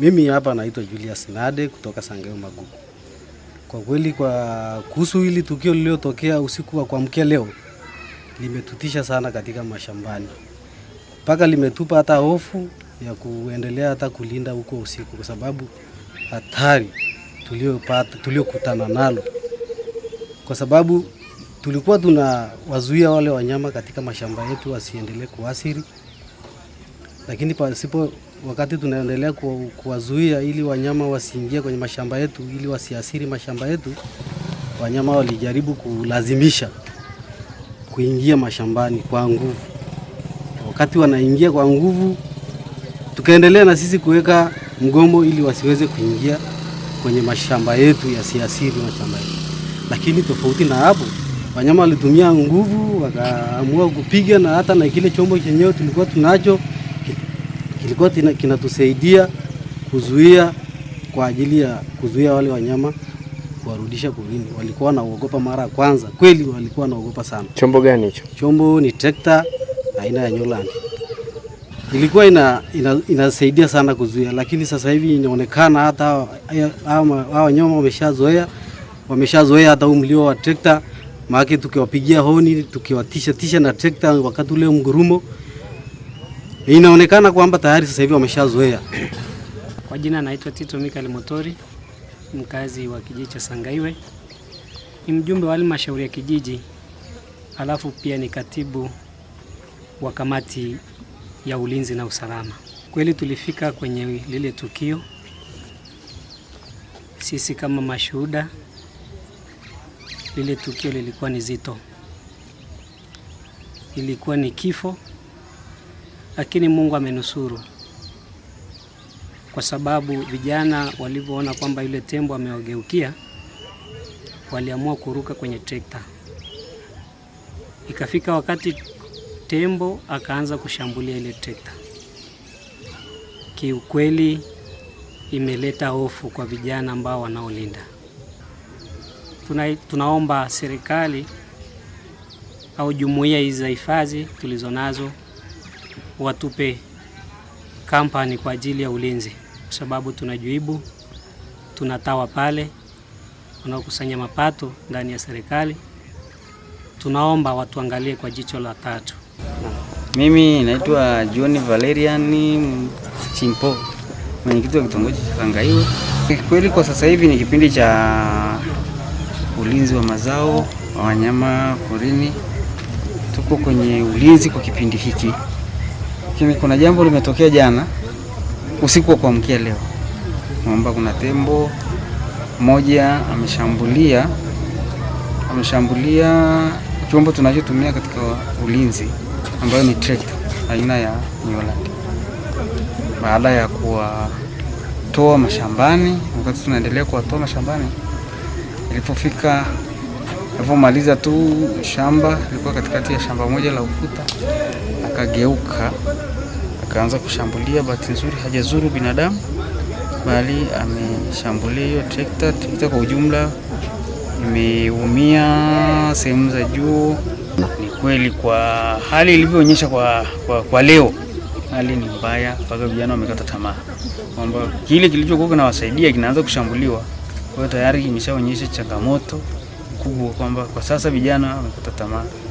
Mimi hapa naitwa Julius Nade kutoka Sangeo Magugu. Kwa kweli kwa kuhusu hili tukio lililotokea usiku wa kuamkia leo limetutisha sana katika mashambani, mpaka limetupa hata hofu ya kuendelea hata kulinda huko usiku, kwa sababu hatari tuliyopata tuliokutana nalo, kwa sababu tulikuwa tunawazuia wale wanyama katika mashamba yetu wasiendelee kuasiri. lakini pasipo wakati tunaendelea kuwazuia ili wanyama wasiingie kwenye mashamba yetu, ili wasiasiri mashamba yetu, wanyama walijaribu kulazimisha kuingia mashambani kwa nguvu. Wakati wanaingia kwa nguvu, tukaendelea na sisi kuweka mgomo ili wasiweze kuingia kwenye mashamba yetu, yasiasiri mashamba yetu. Lakini tofauti na hapo, wanyama walitumia nguvu, wakaamua kupiga na hata na kile chombo chenyewe tulikuwa tunacho kilikuwa kinatusaidia kuzuia kwa ajili ya kuzuia wale wanyama kuwarudisha porini. Walikuwa wanaogopa mara ya kwanza, kweli walikuwa wanaogopa sana. Chombo gani hicho? Chombo ni trekta aina ya Newland, ilikuwa ina, ina, inasaidia sana kuzuia, lakini sasa hivi inaonekana hata hawa wanyama wameshazoea, wameshazoea hata umlio wa trekta, maana tukiwapigia honi tukiwatisha tisha na trekta wakati ule mgurumo Inaonekana kwamba tayari sasa hivi wameshazoea. Kwa jina naitwa Tito Mikali Motori, mkazi wa kijiji cha Sangaiwe, ni mjumbe wa halmashauri ya kijiji, alafu pia ni katibu wa kamati ya ulinzi na usalama. Kweli tulifika kwenye lile tukio sisi kama mashuhuda. Lile tukio lilikuwa ni zito, ilikuwa ni kifo lakini Mungu amenusuru kwa sababu vijana walivyoona kwamba yule tembo amewageukia, waliamua kuruka kwenye trekta. Ikafika wakati tembo akaanza kushambulia ile trekta. Kiukweli imeleta hofu kwa vijana ambao wanaolinda. Tuna, tunaomba serikali au jumuiya hizi za hifadhi tulizonazo watupe kampani kwa ajili ya ulinzi, kwa sababu tunajuibu, tunatawa pale wanaokusanya mapato ndani ya serikali. Tunaomba watuangalie kwa jicho la tatu. Mimi naitwa John Valerian Chimpo, mwenyekiti wa kitongoji cha Kangaiwe. Kweli kwa sasa hivi ni kipindi cha ulinzi wa mazao wa wanyama porini, tuko kwenye ulinzi kwa kipindi hiki. Lakini kuna jambo limetokea jana usiku wa kuamkia leo kwamba kuna tembo moja ameshambulia ameshambulia chombo tunachotumia katika ulinzi ambayo ni trekta aina ya Newland. Baada ya kuwatoa mashambani, wakati tunaendelea kuwatoa mashambani, ilipofika Nilipomaliza tu shamba, nilikuwa katikati ya shamba moja la ukuta, akageuka akaanza kushambulia. Bahati nzuri hajazuru binadamu, bali ameshambulia hiyo trekta. Trekta kwa ujumla imeumia sehemu za juu. Ni kweli kwa hali ilivyoonyesha kwa, kwa, kwa leo hali ni mbaya mpaka vijana wamekata tamaa kwamba kile kilichokuwa kinawasaidia kinaanza kushambuliwa. Kwa hiyo tayari imeshaonyesha changamoto kubwa kwamba kwa sasa vijana wamekata tamaa.